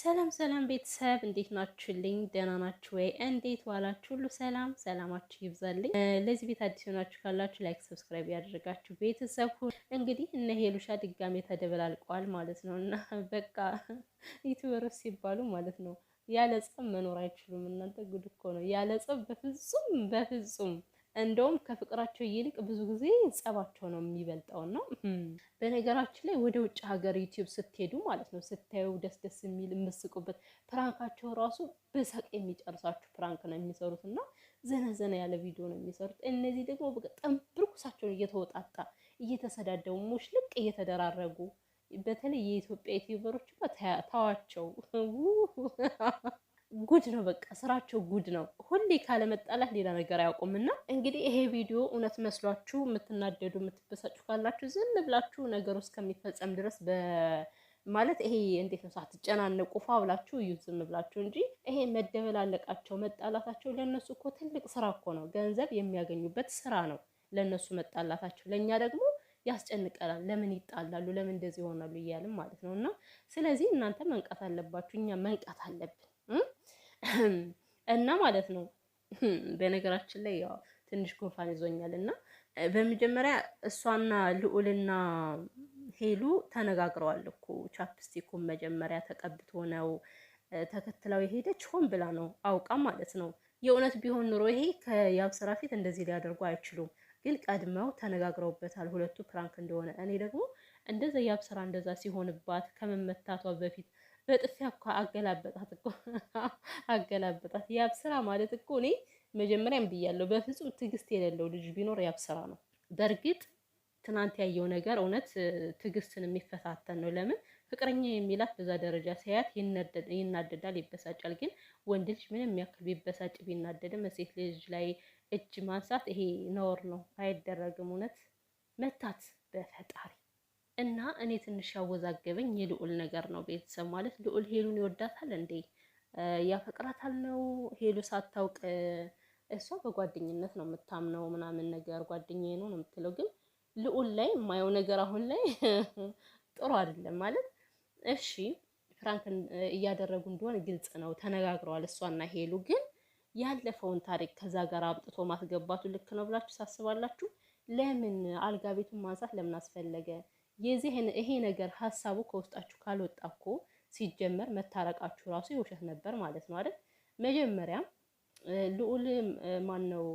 ሰላም ሰላም ቤተሰብ እንዴት ናችሁልኝ? ደህና ናችሁ ወይ? እንዴት ዋላችሁ? ሁሉ ሰላም ሰላማችሁ ይብዛልኝ። ለዚህ ቤት አዲስ ሆናችሁ ካላችሁ ላይክ፣ ሰብስክራይብ ያደረጋችሁ ቤተሰብ ሁሉ እንግዲህ እነ ሄሉሻ ድጋሜ ተደበላልቀዋል ማለት ነው እና በቃ ዩቲዩበሮች ሲባሉ ማለት ነው ያለ ጸብ መኖር አይችሉም። እናንተ ጉድ እኮ ነው ያለ ጸብ በፍጹም በፍጹም እንደውም ከፍቅራቸው ይልቅ ብዙ ጊዜ ጸባቸው ነው የሚበልጠው። እና በነገራችን ላይ ወደ ውጭ ሀገር ዩቲዩብ ስትሄዱ ማለት ነው ስታዩ ደስ ደስ የሚል የምስቁበት ፕራንካቸው ራሱ በሳቅ የሚጨርሳችሁ ፕራንክ ነው የሚሰሩት እና ዘና ዘና ያለ ቪዲዮ ነው የሚሰሩት። እነዚህ ደግሞ በጣም ብርኩሳቸውን እየተወጣጣ እየተሰዳደቡ ልቅ እየተደራረጉ በተለይ የኢትዮጵያ ዩቲዩበሮች ታዋቸው ጉድ ነው። በቃ ስራቸው ጉድ ነው። ሁሌ ካለመጣላት ሌላ ነገር አያውቁም። ና እንግዲህ ይሄ ቪዲዮ እውነት መስሏችሁ የምትናደዱ የምትበሳጩ ካላችሁ ዝም ብላችሁ ነገሩ እስከሚፈጸም ድረስ ማለት ይሄ እንዴት ነው ሳትጨናነቁ ፋ ብላችሁ እዩ፣ ዝም ብላችሁ እንጂ ይሄ መደበላለቃቸው መጣላታቸው ለእነሱ እኮ ትልቅ ስራ እኮ ነው። ገንዘብ የሚያገኙበት ስራ ነው ለእነሱ መጣላታቸው። ለእኛ ደግሞ ያስጨንቀናል። ለምን ይጣላሉ፣ ለምን እንደዚህ ይሆናሉ እያልም ማለት ነው። እና ስለዚህ እናንተ መንቃት አለባችሁ፣ እኛ መንቃት አለብን። እና ማለት ነው። በነገራችን ላይ ያው ትንሽ ጉንፋን ይዞኛል እና በመጀመሪያ እሷና ልዑልና ሄሉ ተነጋግረዋል እኮ ቻፕስቲኩን መጀመሪያ ተቀብቶ ነው ተከትላው የሄደች ሆን ብላ ነው አውቃ ማለት ነው። የእውነት ቢሆን ኑሮ ይሄ ከያብስራ ስራ ፊት እንደዚህ ሊያደርጉ አይችሉም። ግን ቀድመው ተነጋግረውበታል ሁለቱ ፕራንክ እንደሆነ። እኔ ደግሞ እንደዛ ያብ ስራ እንደዛ ሲሆንባት ከመመታቷ በፊት በጥፊያ እኮ አገላበጣት እኮ አገላበጣት። ያብስራ ማለት እኮ እኔ መጀመሪያም ብያለሁ፣ በፍጹም ትዕግስት የሌለው ልጅ ቢኖር ያብስራ ነው። በእርግጥ ትናንት ያየው ነገር እውነት ትዕግስትን የሚፈታተን ነው። ለምን ፍቅረኛ የሚላት በዛ ደረጃ ሲያያት ይናደዳል፣ ይበሳጫል። ግን ወንድ ልጅ ምንም ያክል ቢበሳጭ ቢናደድም ሴት ልጅ ላይ እጅ ማንሳት ይሄ ነውር ነው፣ አይደረግም። እውነት መታት በፈጣሪ እና እኔ ትንሽ ያወዛገበኝ የልዑል ነገር ነው። ቤተሰብ ማለት ልዑል ሄሉን ይወዳታል እንዴ? ያፈቅራታል ነው? ሄሉ ሳታውቅ እሷ በጓደኝነት ነው የምታምነው፣ ምናምን ነገር ጓደኛ ነው ነው የምትለው። ግን ልዑል ላይ የማየው ነገር አሁን ላይ ጥሩ አይደለም ማለት እሺ፣ ፍራንክ እያደረጉ እንደሆነ ግልጽ ነው፣ ተነጋግረዋል እሷና ሄሉ። ግን ያለፈውን ታሪክ ከዛ ጋር አብጥቶ ማስገባቱ ልክ ነው ብላችሁ ታስባላችሁ ለምን አልጋ ቤቱን ማንሳት ለምን አስፈለገ? የዚህን ይሄ ነገር ሀሳቡ ከውስጣችሁ ካልወጣ እኮ ሲጀመር መታረቃችሁ ራሱ የውሸት ነበር ማለት ነው አይደል? መጀመሪያም ልዑል ማን ነው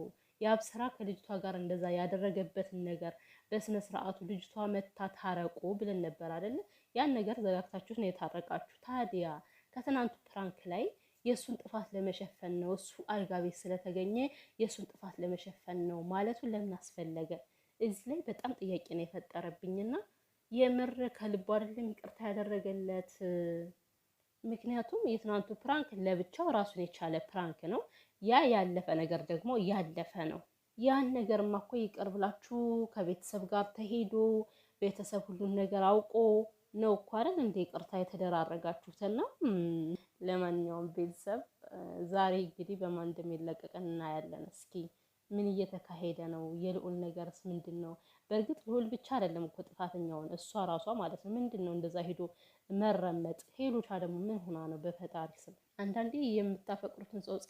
የአብስራ ከልጅቷ ጋር እንደዛ ያደረገበትን ነገር በስነ ስርዓቱ ልጅቷ መታ ታረቁ ብለን ነበር አይደል? ያን ነገር ዘጋግታችሁ ነው የታረቃችሁ። ታዲያ ከትናንቱ ፕራንክ ላይ የእሱን ጥፋት ለመሸፈን ነው እሱ አልጋ ቤት ስለተገኘ የእሱን ጥፋት ለመሸፈን ነው ማለቱ ለምን አስፈለገ? እዚህ ላይ በጣም ጥያቄ ነው የፈጠረብኝና የምር ከልቡ አይደለም ይቅርታ ያደረገለት። ምክንያቱም የትናንቱ ፕራንክ ለብቻው ራሱን የቻለ ፕራንክ ነው። ያ ያለፈ ነገር ደግሞ ያለፈ ነው። ያን ነገርማ እኮ ይቅር ብላችሁ ከቤተሰብ ጋር ተሄዶ ቤተሰብ ሁሉን ነገር አውቆ ነው እኮ አይደል እንደ ይቅርታ የተደራረጋችሁትና። ለማንኛውም ቤተሰብ ዛሬ እንግዲህ በማን እንደሚለቀቅ እናያለን እስኪ ምን እየተካሄደ ነው? የልዑል ነገርስ ምንድን ነው? በእርግጥ ልዑል ብቻ አይደለም እኮ ጥፋተኛውን እሷ ራሷ ማለት ነው። ምንድን ነው እንደዛ ሄዶ መረመጥ? ሄሎቻ ደግሞ ምን ሆና ነው? በፈጣሪ ስም አንዳንዴ የምታፈቅሩትን ሰው